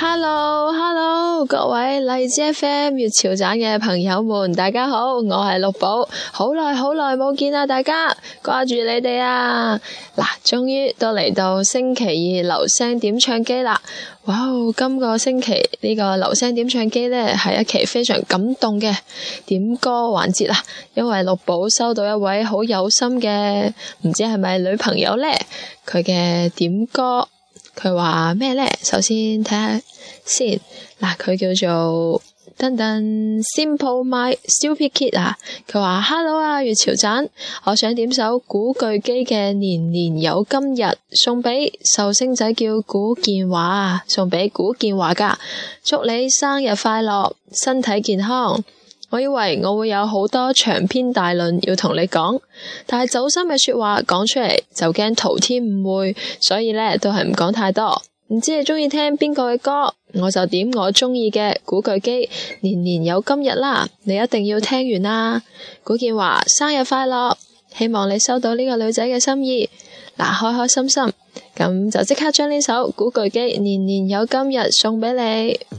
Hello，Hello，hello, 各位荔枝 FM 粵潮站嘅朋友們，大家好，我係六寶，好耐好耐冇見啦，大家掛住你哋啊！嗱，終於都嚟到星期二留聲點唱機啦！哇哦，今個星期呢、呢個留聲點唱機咧係一期非常感動嘅點歌環節啊，因為六寶收到一位好有心嘅，唔知係咪女朋友咧，佢嘅點歌。佢話咩呢？首先睇下先，嗱，佢叫做等等 Simple My Stupid Kid 啊。佢話：Hello 啊，月潮盞，我想點首古巨基嘅《年年有今日》，送俾壽星仔叫古健華，送俾古健華噶，祝你生日快樂，身體健康。我以為我會有好多長篇大論要同你講，但係走心嘅說話講出嚟，就驚徒添誤會，所以咧都係唔講太多。唔知你中意聽邊個嘅歌，我就點我中意嘅古巨基《年年有今日》啦，你一定要聽完啦。古健華生日快樂，希望你收到呢個女仔嘅心意，嗱，開開心心，咁就即刻將呢首古巨基《年年有今日》送俾你。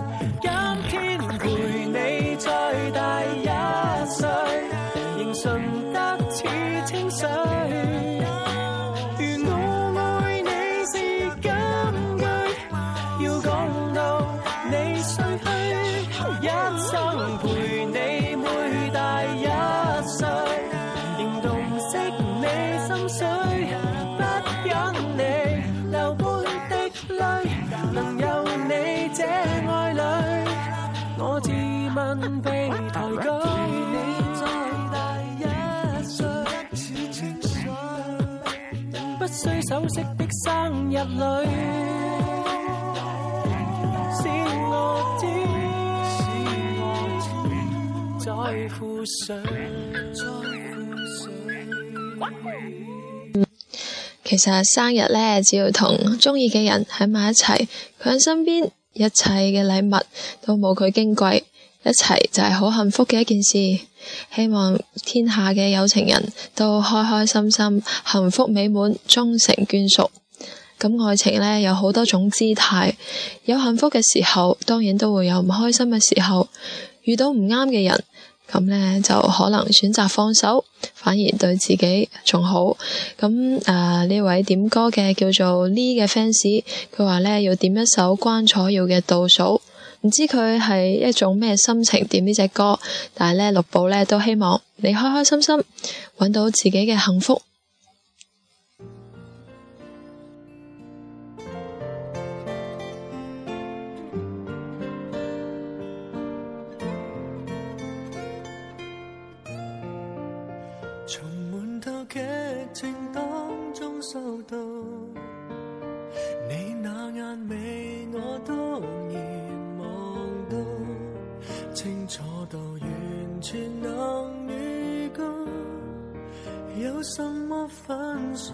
今天陪你再大一。 的生日我其實生日呢，只要同鍾意嘅人喺埋一齊，佢喺身邊，一切嘅禮物都冇佢矜貴。一齊就係好幸福嘅一件事，希望天下嘅有情人都開開心心、幸福美滿、終成眷屬。咁愛情咧有好多種姿態，有幸福嘅時候，當然都會有唔開心嘅時候。遇到唔啱嘅人，咁咧就可能選擇放手，反而對自己仲好。咁誒呢位點歌嘅叫做 Lee 嘅 fans，佢話咧要點一首關楚耀嘅倒數。唔知佢係一種咩心情點呢隻歌，但係咧六部咧都希望你開開心心，搵到自己嘅幸福。從悶透劇情當中收到。 什麼分手？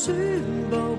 尋寶。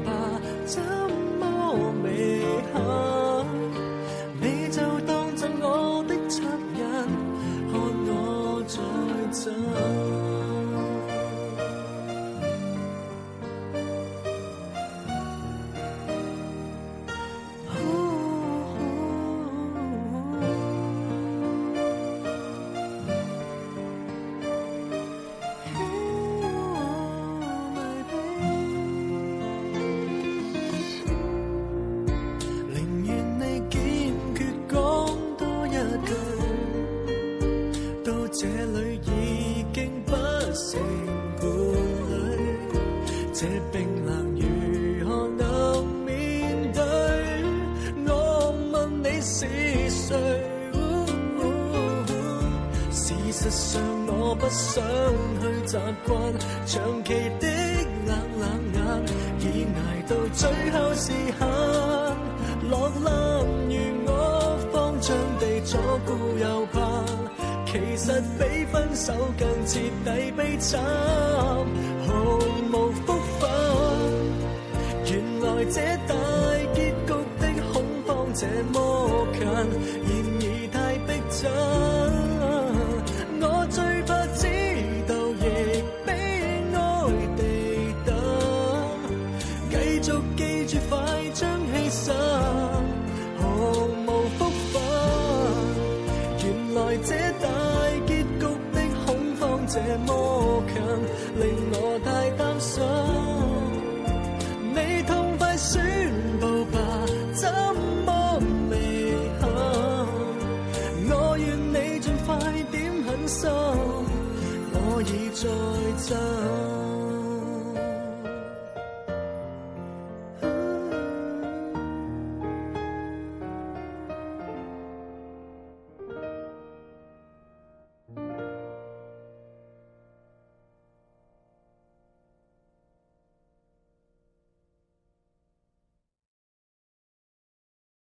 這冰冷如何能面對？我問你是誰、哦哦哦？事實上我不想去習慣長期的冷冷眼，已捱到最後時限。落難如我，慌張地左顧右盼，其實比分手更徹底悲慘。令我太擔心，你痛快宣佈吧，怎麼未肯？我願你盡快點狠心，我已在走。